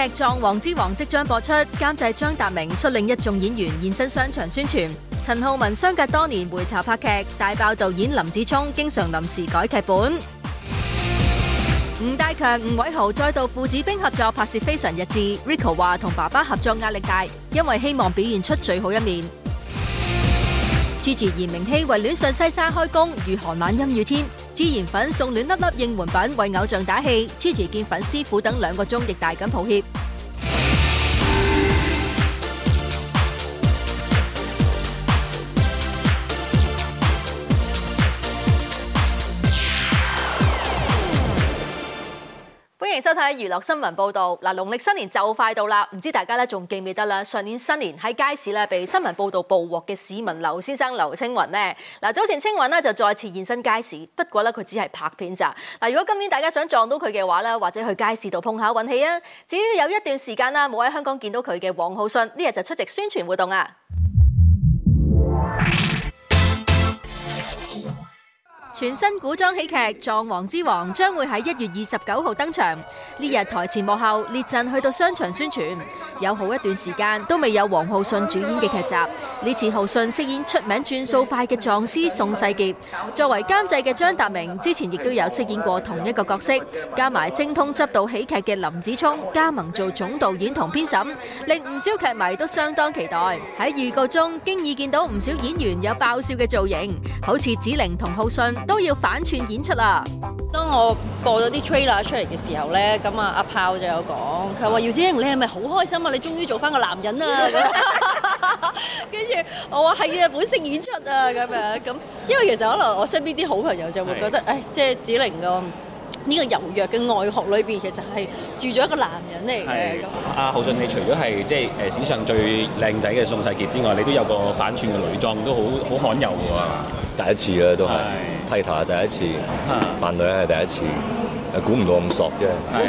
劇《狀王之王》即將播出，監製張達明率領一眾演員現身商場宣傳。陳浩文相隔多年回巢拍劇，大爆導演林子聰經常臨時改劇本。吳 大強、吳偉豪再度父子兵合作拍攝《非常日誌》，Rico 話同爸爸合作壓力大，因為希望表現出最好一面。Gigi 嚴、明熙為戀上西沙開工，如寒冷陰雨天。孜然粉送暖粒粒應援品，為偶像打氣。Gigi 見粉絲苦等兩個鐘，亦大感抱歉。歡迎收睇娛樂新聞報道。嗱，農曆新年就快到啦，唔知大家咧仲記唔記得咧？上年新年喺街市咧被新聞報道捕獲嘅市民劉先生劉青雲咧。嗱，早前青雲咧就再次現身街市，不過咧佢只係拍片咋。嗱，如果今年大家想撞到佢嘅話咧，或者去街市度碰下運氣啊！至於有一段時間啦冇喺香港見到佢嘅王浩信，呢日就出席宣傳活動啊！全新古裝喜劇《狀王之王》將會喺一月二十九號登場。呢日台前幕後列陣去到商場宣傳，有好一段時間都未有王浩信主演嘅劇集。呢次浩信飾演出名轉數快嘅狀師宋世傑。作為監製嘅張達明之前亦都有飾演過同一個角色。加埋精通執導喜劇嘅林子聰加盟做總導演同編審，令唔少劇迷都相當期待。喺預告中，經已見到唔少演員有爆笑嘅造型，好似子羚同浩信，都要反串演出啊。當我播咗啲 trailer 出嚟嘅時候咧，咁啊阿炮就有講，佢話姚子羚你係咪好開心啊？你終於做翻個男人啊！咁跟住我話係啊，本色演出啊，咁樣咁，因為其實可能我身邊啲好朋友就會覺得，唉的，即係子羚咁。呢個柔弱嘅外殼裏邊，其實係住咗一個男人嚟嘅。阿浩信，你除咗係即係誒史上最靚仔嘅宋世傑之外，你都有個反串嘅女裝，都好好罕有㗎喎。第一次啊，都係剃頭係第一次，扮女係第一次，係估唔到咁索啫。係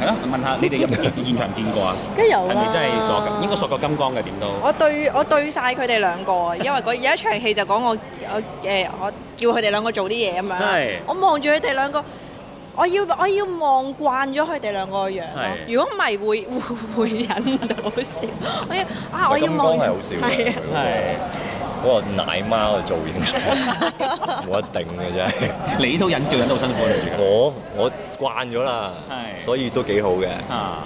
係咯，問下你哋有冇現場見過啊？梗係有啦，係咪真係索？應該索過金剛嘅點都。我對我對曬佢哋兩個，因為嗰有一場戲就講我我誒我叫佢哋兩個做啲嘢咁樣，我望住佢哋兩個。我要我要望慣咗佢哋兩個樣咯，如果唔係會會會忍唔到笑。我要啊，我要望。係啊，好笑，係嗰個奶媽嘅造型，冇一定嘅啫。你都忍笑，忍到好辛苦啊！我我慣咗啦，所以都幾好嘅。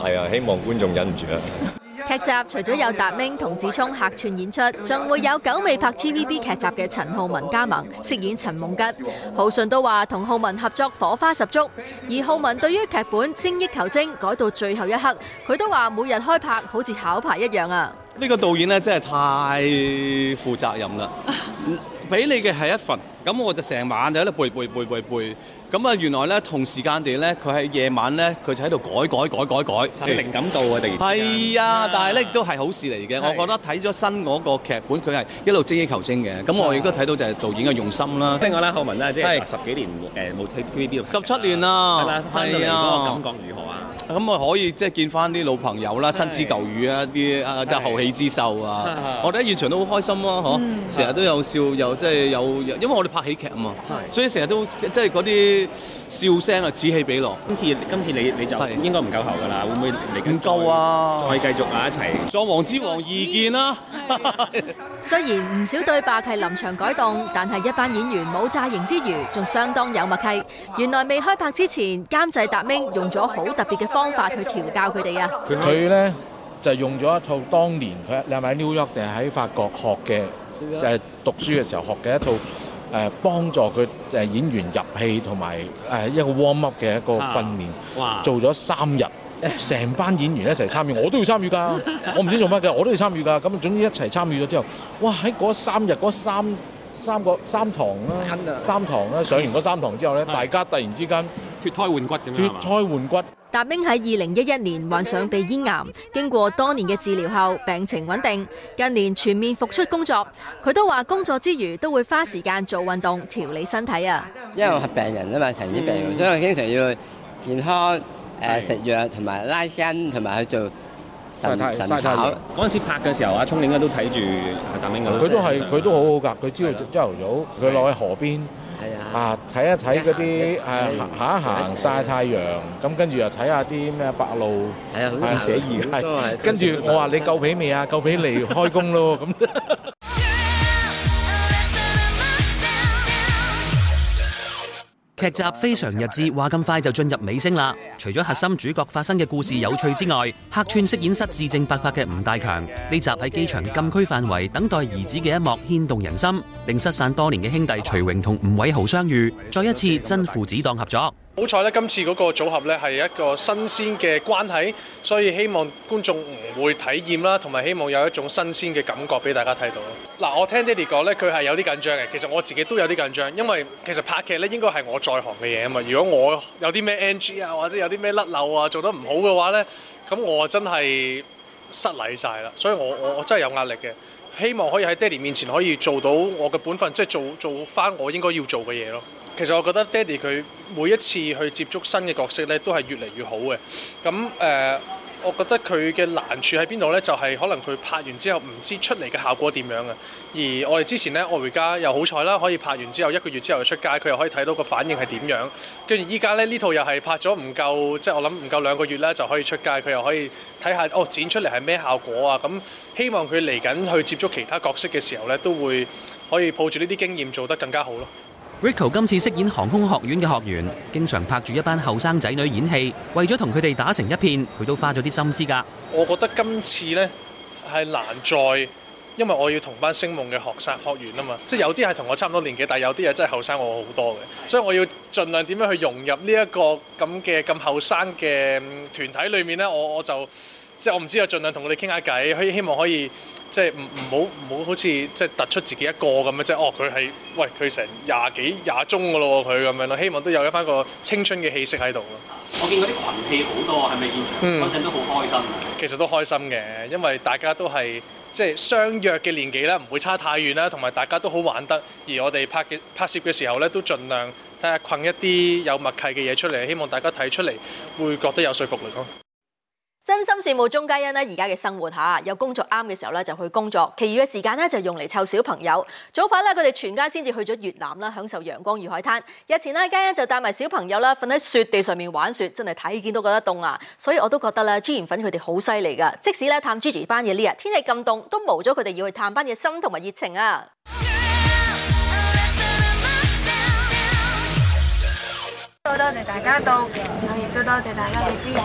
係啊，希望觀眾忍唔住啊！劇集除咗有達明同子聰客串演出，仲會有久未拍 TVB 劇集嘅陳浩文加盟飾演陳夢吉。浩信都話同浩文合作火花十足，而浩文對於劇本精益求精，改到最後一刻，佢都話每日開拍好似考牌一樣啊！呢個導演呢，真係太負責任啦。 俾你嘅係一份，咁我就成晚就喺度背背背背背，咁啊原來咧同時間地咧，佢喺夜晚咧佢就喺度改改改改改，嘅靈感度啊突然間係啊，但係咧亦都係好事嚟嘅，我覺得睇咗新嗰個劇本佢係一路精益求精嘅，咁我亦都睇到就係導演嘅用心啦。聽我啦，浩文啦，即係十幾年誒冇睇 TVB 度，十七年啦，係啊，翻到嚟嗰個感覺如何啊？咁我可以即係見翻啲老朋友啦，新知舊雨啊，啲啊後起之秀啊，我哋喺現場都好開心咯，嗬，成日都有笑有。即係有，因為我哋拍喜劇啊嘛，是所以成日都即係嗰啲笑聲啊，此起彼落。今次今次你你就是應該唔夠喉㗎啦，會唔會嚟緊高啊？可以繼續啊！一齊。《藏王之王》意見啦。是 雖然唔少對白係臨場改動，但係一班演員冇詐型之餘，仲相當有默契。原來未開拍之前，監製達明用咗好特別嘅方法去調教佢哋啊。佢佢咧就用咗一套當年佢係喺 New York 定係喺法國學嘅。就係讀書嘅時候學嘅一套誒、呃、幫助佢誒、呃、演員入戲同埋誒一個 warm up 嘅一個訓練，啊、哇做咗三日，成班演員一齊參與， 我參與我，我都要參與㗎，我唔知做乜㗎，我都要參與㗎，咁總之一齊參與咗之後，哇！喺嗰三日嗰三。三個三堂啦，三堂啦、啊啊，上完嗰三堂之後咧，的大家突然之間脫胎換骨咁樣啊！脫胎換骨。達明喺二零一一年患上鼻咽癌，經過多年嘅治療後，病情穩定。近年全面復出工作，佢都話工作之餘都會花時間做運動調理身體啊。因為我係病人啊嘛，成日病人，嗯、所以經常要健康誒食藥同埋拉筋同埋去做。曬太曬，嗰陣時拍嘅時候，阿聰玲應該都睇住阿蛋冰佢都係，佢都好好㗎。佢朝頭朝頭早，佢落去河邊，啊，睇一睇嗰啲，啊，行一行晒太陽，咁跟住又睇下啲咩白鷺，啊，寫意。跟住我話：你夠皮未啊？夠皮嚟開工咯咁。劇集非常日誌，話咁快就進入尾聲啦。除咗核心主角發生嘅故事有趣之外，客串飾演失智症伯伯嘅吳大強，呢集喺機場禁區範圍等待兒子嘅一幕牽動人心，令失散多年嘅兄弟徐榮同吳偉豪相遇，再一次真父子檔合作。好彩咧，今次嗰個組合咧係一個新鮮嘅關係，所以希望觀眾唔會體驗啦，同埋希望有一種新鮮嘅感覺俾大家睇到。嗱，我聽爹哋講咧，佢係有啲緊張嘅。其實我自己都有啲緊張，因為其實拍劇咧應該係我在行嘅嘢啊嘛。如果我有啲咩 NG 啊，或者有啲咩甩漏啊，做得唔好嘅話咧，咁我真係失禮晒啦。所以我我我真係有壓力嘅，希望可以喺爹哋面前可以做到我嘅本分，即係做做翻我應該要做嘅嘢咯。其實我覺得爹哋佢每一次去接觸新嘅角色咧，都係越嚟越好嘅。咁誒、呃，我覺得佢嘅難處喺邊度呢？就係、是、可能佢拍完之後唔知出嚟嘅效果點樣啊。而我哋之前呢，我回家又好彩啦，可以拍完之後一個月之後就出街，佢又可以睇到個反應係點樣。跟住依家呢，呢套又係拍咗唔夠，即、就、係、是、我諗唔夠兩個月啦，就可以出街，佢又可以睇下哦剪出嚟係咩效果啊。咁希望佢嚟緊去接觸其他角色嘅時候呢，都會可以抱住呢啲經驗做得更加好咯。Rico 今次飾演航空學院嘅學員，經常拍住一班後生仔女演戲，為咗同佢哋打成一片，佢都花咗啲心思㗎。我覺得今次呢係難在，因為我要同班星夢嘅學生學員啊嘛，即係有啲係同我差唔多年紀，但係有啲係真係後生我好多嘅，所以我要盡量點樣去融入呢一個咁嘅咁後生嘅團體裏面呢，我我就。即係我唔知啊，盡量同佢哋傾下偈，可以希望可以即係唔唔好唔好好似即係突出自己一個咁樣即係。哦，佢係喂佢成廿幾廿鍾噶咯佢咁樣咯。希望都有返個青春嘅氣息喺度咯。我見嗰啲群戲好多，係咪現場嗰陣、嗯、都好開心？其實都開心嘅，因為大家都係即係相約嘅年紀啦，唔會差太遠啦，同埋大家都好玩得。而我哋拍嘅拍攝嘅時候咧，都盡量睇下困一啲有默契嘅嘢出嚟，希望大家睇出嚟會覺得有說服力咯。真心羨慕鍾嘉欣咧，而家嘅生活吓，有工作啱嘅時候咧就去工作，其餘嘅時間咧就用嚟湊小朋友。早排咧，佢哋全家先至去咗越南啦，享受陽光與海灘。日前呢，嘉欣就帶埋小朋友啦，瞓喺雪地上面玩雪，真係睇見都覺得凍啊！所以我都覺得咧，朱賢粉佢哋好犀利噶。即使咧探 Gigi 班嘅呢日天氣咁凍，都冇咗佢哋要去探班嘅心同埋熱情啊！多謝大家到，亦都多謝大家嘅支持。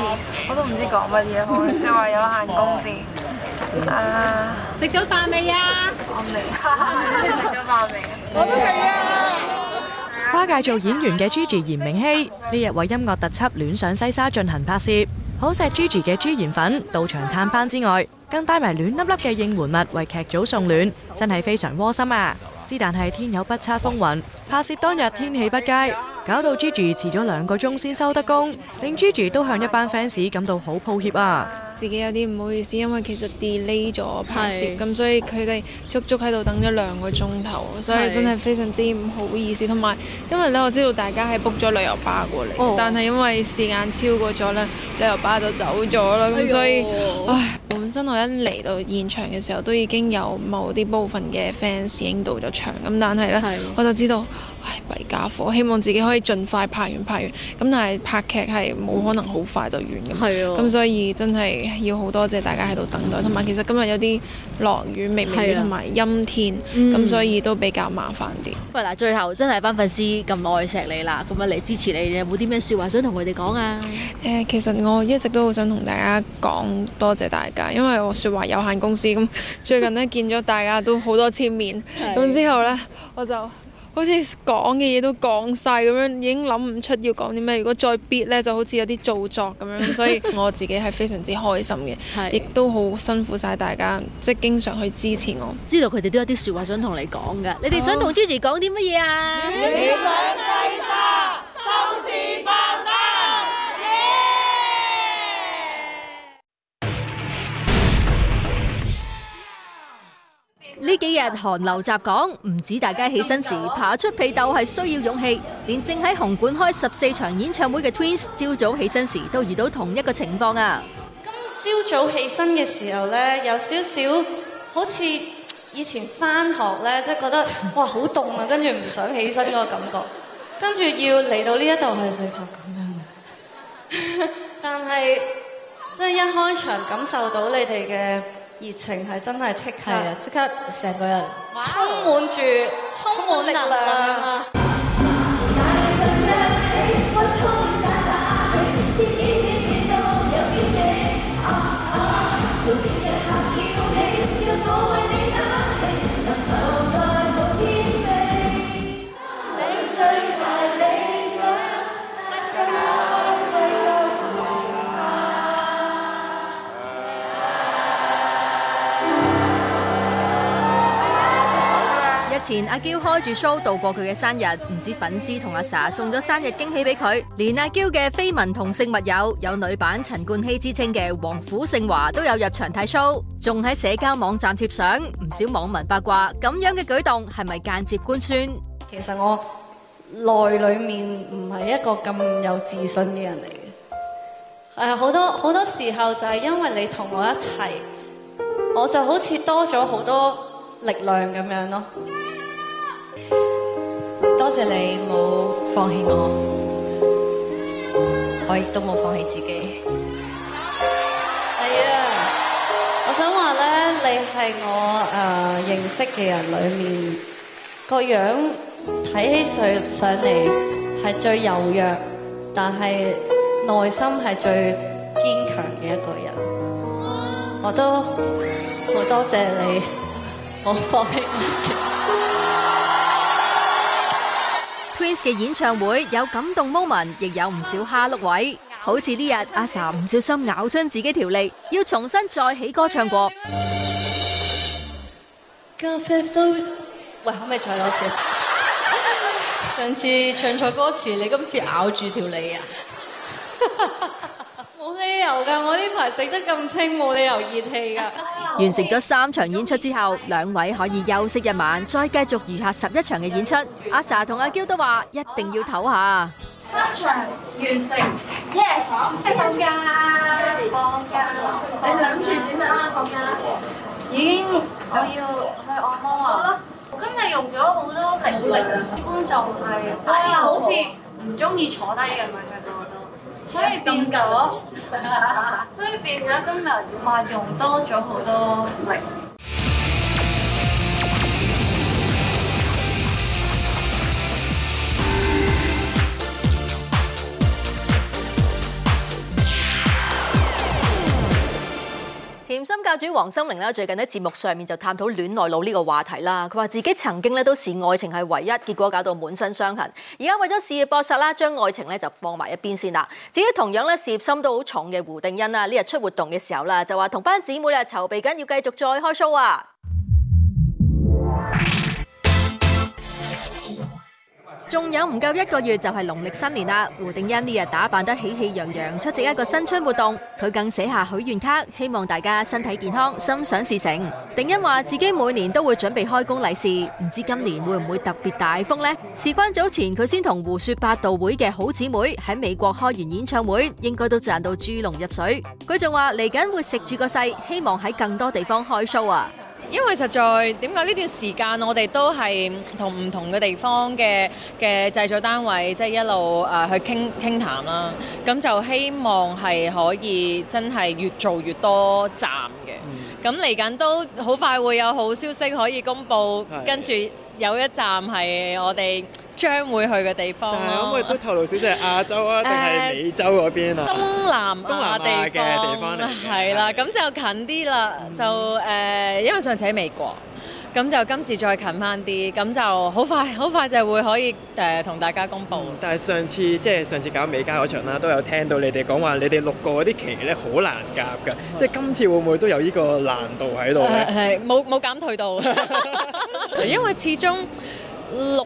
我都唔知講乜嘢好，說話有限公司。啊！食咗飯未啊？我未。食咗飯未？我都未啊。跨界做演員嘅 Gigi、炎明熹，呢日為音樂特輯《戀上西沙》進行拍攝。好錫 Gigi 嘅朱言粉到場探班之外，更帶埋暖粒粒嘅應援物為劇組送暖，真係非常窩心啊！之但係天有不測風雲，拍攝當日天氣不佳。搞到 Gigi 遲咗兩個鐘先收得工，令 Gigi 都向一班 fans 感到好抱歉啊！自己有啲唔好意思，因為其實 delay 咗拍攝，咁是所以佢哋足足喺度等咗兩個鐘頭，所以真係非常之唔好意思。同埋因為咧，我知道大家係 book 咗旅遊巴過嚟，哦、但係因為時間超過咗咧，旅遊巴就走咗啦。咁、哎、呦所以，唉，本身我一嚟到現場嘅時候，都已經有某啲部分嘅 fans 已經到咗場，咁但係咧，是我就知道，唉，弊家伙，希望自己可以盡快拍完拍完。咁但係拍劇係冇可能好快就完嘅，咁、嗯、所以真係。要好多謝大家喺度等待，同埋其實今日有啲落雨、微，微雨同埋陰天，咁、嗯、所以都比較麻煩啲。喂，嗱，最後真係班粉絲咁愛錫你啦，咁樣嚟支持你，有冇啲咩說話想同佢哋講啊？誒、呃，其實我一直都好想同大家講多謝大家，因為我說話有限公司咁，最近呢， 見咗大家都好多次面，咁是之後呢，我就。好似講嘅嘢都講晒咁樣，已經諗唔出要講啲咩。如果再憋咧，就好似有啲做作咁樣。所以 我自己係非常之開心嘅，亦是都好辛苦晒大家，即係經常去支持我。知道佢哋都有啲説話想同你講㗎，哦、你哋想同 Gigi 講啲乜嘢啊？你想呢幾日寒流襲港，唔止大家起身時爬出被竇係需要勇氣，連正喺紅館開十四場演唱會嘅 Twins，朝早起身時都遇到同一個情況啊！今朝早起身嘅時候呢，有少少好似以前返學呢，即係覺得哇好凍啊，跟住唔想起身嗰個感覺，跟住要嚟到呢一度係最頭咁樣嘅。但係即係一開場感受到你哋嘅。熱情係真係即刻，即係啊，即刻成個人哇充滿住，充滿能量，充滿力量啊！ 前阿嬌開住 show 度過佢嘅生日，唔知粉絲同阿 Sa 送咗生日驚喜俾佢，連阿嬌嘅緋聞同性密友，有女版陳冠希之稱嘅黃府盛華都有入場睇 show，仲喺社交網站貼相，唔少網民八卦，咁樣嘅舉動係咪間接官宣？其實我內裏面唔係一個咁有自信嘅人嚟嘅，係好多好多時候就係因為你同我一齊，我就好似多咗好多力量咁樣咯。多謝你冇放棄我，我亦都冇放棄自己。係啊，我想話咧，你係我誒、uh，認識嘅人裡面個樣睇起上上嚟係最柔弱，但係內心係最堅強嘅一個人。我都好多謝你，冇 放棄自己。 Queen 嘅演唱會有感動 moment，亦有唔少蝦碌位，好似呢日阿 Sa 唔小心咬親自己條脷，要重新再起歌唱過。咖啡都喂，可唔可以再有次？上次唱錯歌詞，你今次咬住條脷啊？冇理由㗎，我呢排食得咁清，冇理由熱氣㗎。完成咗三場演出之後，兩位可以休息一晚，再繼續餘下十一場嘅演出。阿 Sa 同阿嬌都話一定要唞下。三場完成，Yes，放假，放假，你諗住點啊？放假已經我要去按摩啊！我今日用咗好多靈力，觀眾係啊，好似唔中意坐低嘅咁樣。所以變咗， 所以變咗今日話用多咗好多力。 教主王心凌咧，最近喺節目上面就探討戀愛腦呢個話題啦，佢話自己曾經咧都是愛情係唯一，結果搞到滿身傷痕，而家為咗事業搏殺啦，將愛情咧就放埋一邊先啦。至於同樣咧事業心都好重嘅胡定欣啦，呢日出活動嘅時候啦，就話同班姊妹咧籌備緊要繼續再開 show 啊。仲有唔夠一個月就係農曆新年啦！胡定欣呢日打扮得喜氣洋洋，出席一個新春活動。佢更寫下許願卡，希望大家身體健康，心想事成。定欣話自己每年都會準備開工利是，唔知今年會唔會特別大風呢？事關早前佢先同胡說八道會嘅好姊妹喺美國開完演唱會，應該都賺到豬籠入水。佢仲話嚟緊會食住個勢，希望喺更多地方開 show 啊！因為實在點解呢段時間我哋都係同唔同嘅地方嘅嘅製作單位，即係一路誒去傾傾談啦，咁就希望係可以真係越做越多站嘅。咁嚟緊都好快會有好消息可以公佈，跟住有一站係我哋。將會去嘅地方。但係可唔可以都透露少少係亞洲啊，定係美洲嗰邊啊？東南亞嘅地方係啦，咁就近啲啦，就誒，因為上次喺美國，咁就今次再近返啲，咁就好快，好快就會可以誒同大家公布。但係上次即係上次搞美加嗰場啦，都有聽到你哋講話，你哋六個嗰啲期咧好難夾㗎，即係今次會唔會都有呢個難度喺度？係冇冇減退到，因為始終六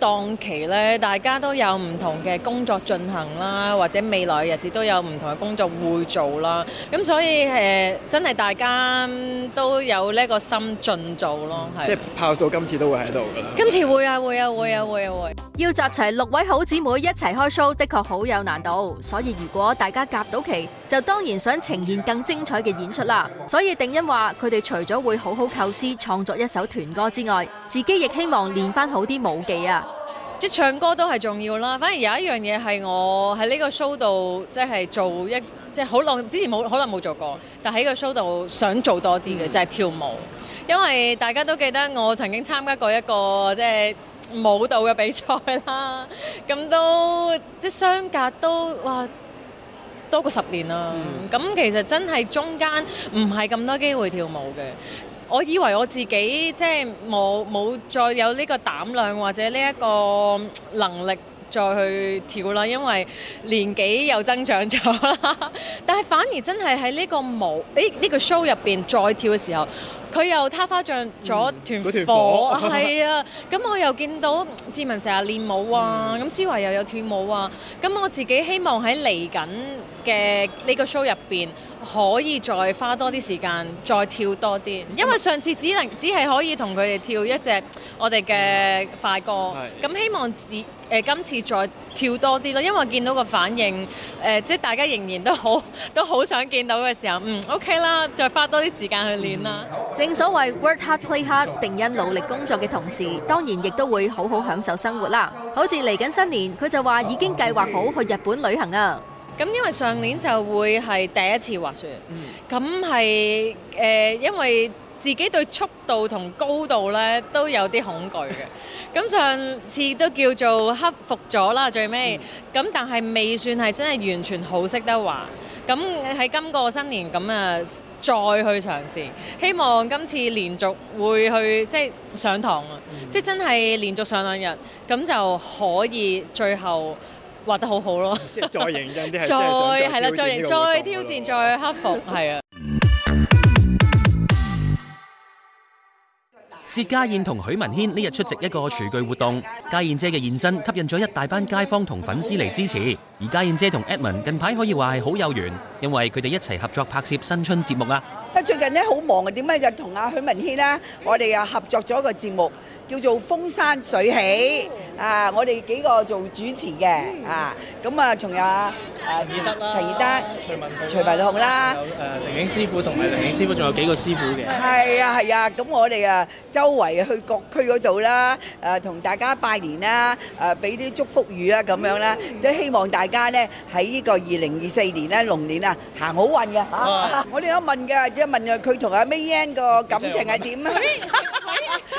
檔期咧，大家都有唔同嘅工作進行啦，或者未來日子都有唔同嘅工作會做啦。咁所以誒，真係大家都有呢個心進做咯，係。即係炮到今次都會喺度㗎啦。今次會啊的會啊會啊會啊會！嗯、要集齊六位好姊妹一齊開 show，的確好有難度。所以如果大家夾到期，就當然想呈現更精彩嘅演出啦。所以庭欣話佢哋除咗會好好構思創作一首團歌之外，自己亦希望練翻好啲舞技啊！即唱歌都係重要啦，反而有一樣嘢係我喺呢個 show 度，即係做一即係好耐，之前冇可能冇做過，但喺個 show 度想做多啲嘅，嗯、就係跳舞。因為大家都記得我曾經參加過一個即係舞蹈嘅比賽啦，咁都即相隔都哇多過十年啦。咁、嗯、其實真係中間唔係咁多機會跳舞嘅。我以為我自己即係冇冇再有呢個膽量或者呢一個能力再去跳啦，因為年紀又增長咗啦。 但係反而真係喺呢個舞，誒，呢個 show 入邊再跳嘅時候。佢又他花著咗、嗯、團火，係啊！咁、啊、我又見到志文成日練舞啊，咁思、嗯、華又有跳舞啊！咁我自己希望喺嚟緊嘅呢個 show 入邊，可以再花多啲時間，再跳多啲。因為上次只能只係可以同佢哋跳一隻我哋嘅快歌，咁、嗯、希望自誒、呃、今次再。跳多啲咯，因為見到個反應，誒，即係大家仍然都好，都好想見到嘅時候，嗯，OK 啦，再花多啲時間去練啦。正所謂 work hard play hard，定恩努力工作嘅同時，當然亦都會好好享受生活啦。好似嚟緊新年，佢就話已經計劃好去日本旅行啊。咁因為上年就會係第一次滑雪，咁係誒，因為。自己對速度同高度咧都有啲恐懼嘅，咁上次都叫做克服咗啦，最尾，咁但係未算係真係完全好識得滑，咁喺今個新年咁啊，再去嘗試，希望今次連續會去即係上堂啊，即係真係連續上兩日，咁就可以最後畫得好好咯，即係再迎戰，再係啦，再迎再挑戰再克服，係啊。薛家燕同許文軒呢日出席一個廚具活動，家燕姐嘅現身吸引咗一大班街坊同粉絲嚟支持。而家燕姐同 Edmond 近排可以話係好有緣，因為佢哋一齊合作拍攝新春節目啊。最近呢好忙啊，點解就同阿許文軒呢？我哋又合作咗個節目？叫做風生水起啊！我哋幾個做主持嘅啊，咁啊，仲有啊，陳義德啦，徐文紅啦，誒，成景師傅同埋林景師傅，仲有幾個師傅嘅。係啊，係啊，咁我哋啊，周圍去各區嗰度啦，誒，同大家拜年啦，誒，俾啲祝福語啊，咁樣啦，都希望大家咧喺呢個二零二四年咧，龍年啊，行好運嘅。我哋都問嘅，即係問佢同阿 Mayan 個感情係點啊？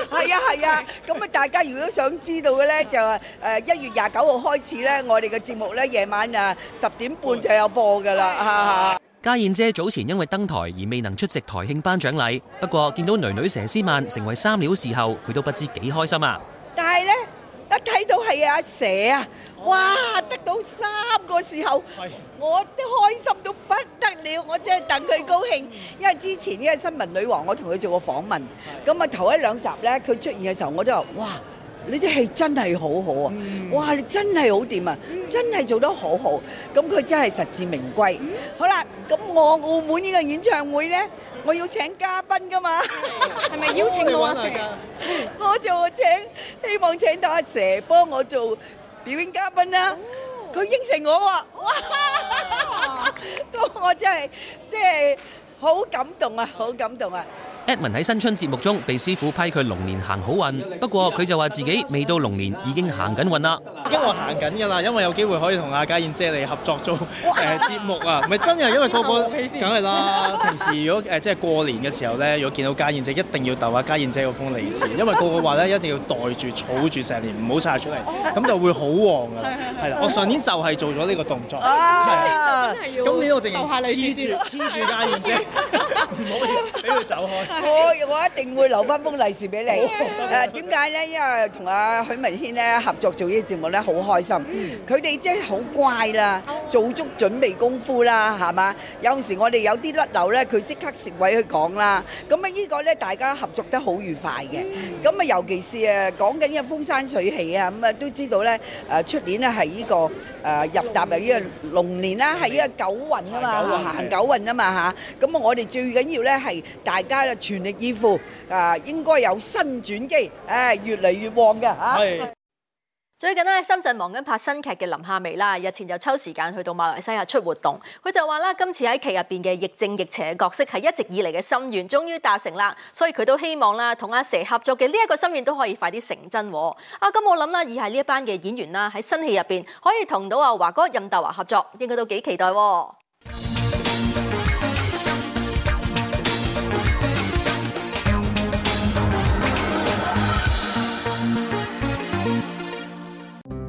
係啊，係啊。咁啊！大家如果想知道嘅呢，就誒一月廿九號開始呢，我哋嘅節目呢，夜晚啊十點半就有播㗎喇嚇。家燕姐早前因為登台而未能出席台慶頒獎禮，不過見到囡囡佘詩曼成為三料視後，佢都不知幾開心啊！但係呢，一睇到係阿佘啊！哇！得到三個時候，我都開心到不得了，我真係等佢高興。因為之前呢個新聞女王，我同佢做過訪問。咁啊頭一兩集咧，佢出現嘅時候，我都話：哇！呢啲戲真係好好啊！哇！你真係好掂啊！真係做得好好。咁佢真係實至名歸。好啦，咁我澳門呢個演唱會咧，我要請嘉賓㗎嘛，係咪邀請我啊？我就請希望請到阿蛇幫我做。表演嘉賓啦，啊，佢應承我喎，啊，哇！咁，oh, 我真係，即係好感動啊，好感動啊！Edwin 喺新春節目中被師傅批佢龍年行好運，不過佢就話自己未到龍年已經行緊運啦。因為行緊噶啦，因為有機會可以同阿嘉燕姐你合作做誒節目啊，唔係真係，因為個個梗係啦。平時如果誒即係過年嘅時候咧，如果見到嘉燕姐，一定要逗阿嘉燕姐嗰封利是，因為個個話咧一定要袋住儲住成年唔好拆出嚟，咁就會好旺噶。係啦，我上年就係做咗呢個動作，咁呢我淨係黐住黐住嘉燕姐。唔好俾佢走開。我我一定會留翻封利是俾你。誒點解咧？因為同阿許文軒咧合作做依啲節目咧，好開心。佢哋即係好乖啦，做足準備功夫啦，係嘛？有時我哋有啲甩漏咧，佢即刻蝕位去講啦。咁啊，依個咧大家合作得好愉快嘅。咁啊，尤其是誒講緊嘅風山水起啊，咁啊都知道咧誒出年咧係依個誒入閘啊依個龍年啦，係依個九運啊嘛，行九運啊嘛嚇。咁啊，我哋最緊要。要咧係大家啊全力以赴啊、呃，應該有新轉機，誒、呃、越嚟越旺嘅吓。啊、是最近咧，深圳忙緊拍新劇嘅林夏薇啦，日前就抽時間去到馬來西亞出活動。佢就話啦，今次喺劇入邊嘅亦正亦邪嘅角色係一直以嚟嘅心願，終於達成啦。所以佢都希望啦，同阿佘合作嘅呢一個心願都可以快啲成真、哦。啊，咁、嗯、我諗啦，而係呢一班嘅演員啦，喺新戲入邊可以同到阿華哥任達華合作，應該都幾期待、啊。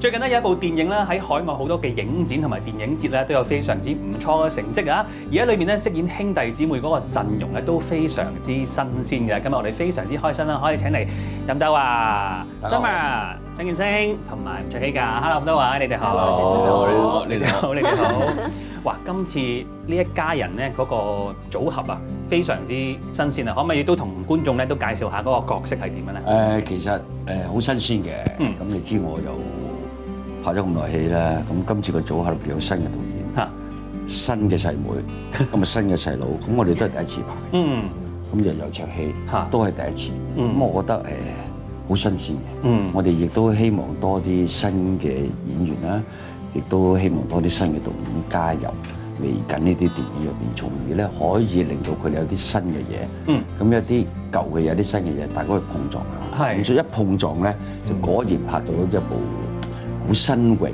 最近咧有一部電影咧喺海外好多嘅影展同埋電影節咧都有非常之唔錯嘅成績啊！而喺裏面咧飾演兄弟姊妹嗰個陣容咧都非常之新鮮嘅。今日我哋非常之開心啦，可以請嚟飲酒啊！Summer、張建星同埋吳卓羲，Hello 咁多位，你哋嚇嘍，你哋好，你哋好，你哋好。哇！ 今次呢一家人咧嗰個組合啊，非常之新鮮啊！可唔可以都同觀眾咧都介紹下嗰個角色係點樣咧？誒，其實誒好新鮮嘅，咁你知我就。拍咗咁耐戲啦，咁今次個組合入邊有新嘅導演，新嘅細妹，咁啊新嘅細佬，咁我哋都係第一次拍，嗯，咁就有場戲，都係第一次，咁我覺得誒好新鮮嘅，嗯，我哋亦都希望多啲新嘅演員啦，亦都希望多啲新嘅導演加入嚟緊呢啲電影入邊，從而咧可以令到佢哋有啲新嘅嘢，嗯，咁有啲舊嘅嘢，有啲新嘅嘢，大家去碰撞下，係，咁所以一碰撞咧就果然拍到一部。好、mm hmm. 新穎、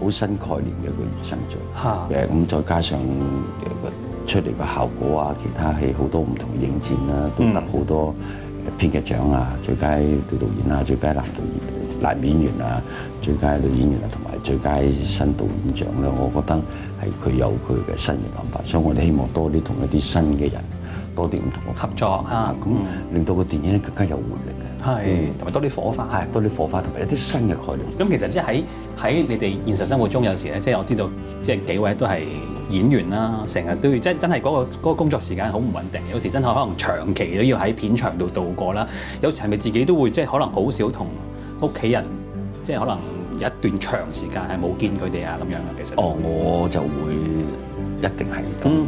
好新概念嘅一個衍生作，誒咁的再加上個出嚟個效果啊，其他係好多唔同影展啦，都得好多編劇獎啊、mm hmm. 最佳導演啊、最佳男導演、男演員啊、最佳女演員啊，同埋最佳新導演獎咧，mm hmm. 我覺得係佢有佢嘅新嘅諗法，所以我哋希望多啲同一啲新嘅人，多啲唔同嘅合作啊，咁、mm hmm. 嗯、令到個電影更加有係，同埋多啲火花，係多啲火花，同埋一啲新嘅概念。咁其實即係喺喺你哋現實生活中，有時咧，即係我知道，即係幾位都係演員啦，成日都要，即係真係嗰個嗰個工作時間好唔穩定，有時真係可能長期都要喺片場度度過啦。有時係咪自己都會即係可能好少同屋企人，即係可能有一段長時間係冇見佢哋啊咁樣嘅。其實哦，我就會一定係通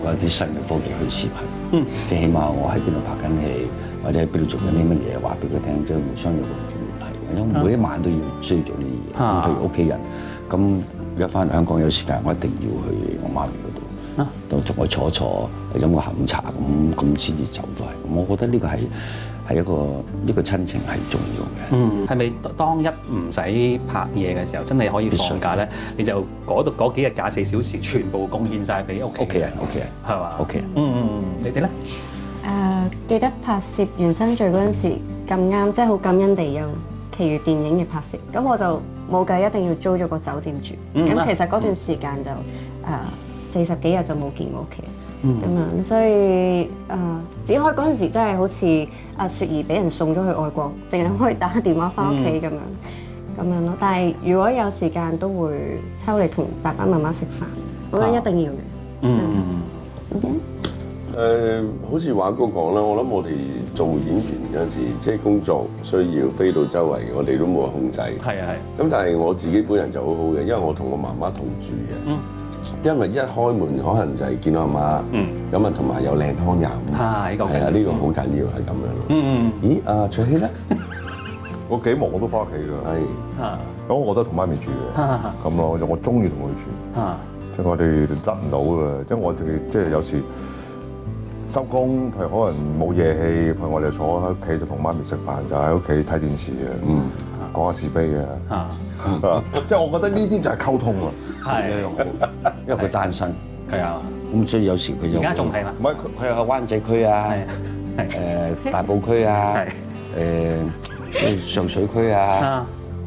過有啲新嘅科技去視頻，嗯，即係起碼我喺邊度拍緊戲。或者喺邊度做緊啲乜嘢，話俾佢聽，將互相要個聯繫。因為每一晚都要追做啲嘢，譬如屋企人。咁一翻嚟香港有時間，我一定要去我媽咪嗰度，都同佢坐坐，飲個下午茶，咁咁先至走都係。我覺得呢個係係一個呢、呢個親情係重要嘅。嗯，係咪當一唔使拍嘢嘅時候，真係可以放假咧？須你就嗰度嗰幾日廿四小時，全部貢獻晒俾屋企人。O K 啊，O K 啊，係嘛？O K。嗯嗯嗎的嗯，你哋咧？記得拍攝《原生罪》嗰陣時咁啱，即係好感恩地有其餘電影嘅拍攝，咁我就冇計一定要租咗個酒店住。咁、嗯、其實嗰段時間就誒、嗯、四十幾日就冇見過我屋企，咁、嗯、樣所以誒子海嗰陣時真係好似阿雪兒俾人送咗去外國，淨係可以打電話翻屋企咁樣，咁樣咯。但係如果有時間都會抽嚟同爸爸媽媽食飯，嗯、我覺得一定要嘅。嗯。好誒，好似華哥講啦，我諗我哋做演員有時即係工作需要飛到周圍，我哋都冇控制。係啊係。咁但係我自己本人就好好嘅，因為我同我媽媽同住嘅。嗯。因為一開門可能就係見到阿媽。嗯。咁啊，同埋有靚湯飲。係、嗯、啊，呢個好緊要係咁樣咯。嗯嗯。咦？阿卓希咧？我幾忙的我都翻屋企㗎。係。嚇！咁我都係同媽咪住嘅。咁咯，就我中意同佢住。嚇。 即係我哋得唔到啊！即係我哋即係有時。收工，譬如可能冇夜氣，譬如我哋坐喺屋企就同媽咪食飯，就喺屋企睇電視嘅，嗯、講下是非嘅，即係、嗯、吧 我覺得呢啲就係溝通喎。是 因為佢單身，係啊是，咁所以有時佢就而家仲係嘛？唔係佢有個灣仔區啊，誒、呃、大埔區啊，誒是是、呃、上水區啊。是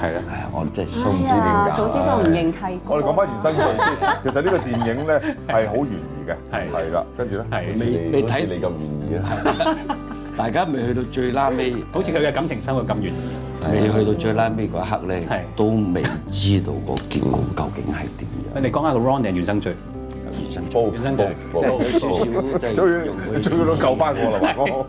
係啦，我真係數唔知點解。老師，我唔認契。我哋講翻《原生罪》先，其實呢個電影咧係好懸疑嘅，係啦，跟住咧你你睇你咁懸疑啊！大家未去到最拉尾，好似佢嘅感情生活咁懸疑，未去到最拉尾嗰一刻咧，都未知道個結局究竟係點樣。你講下個 round 定《原生罪》？《原生罪》。原生罪，即係有少少，即係用佢。終於，終於攞九百過啦嘛！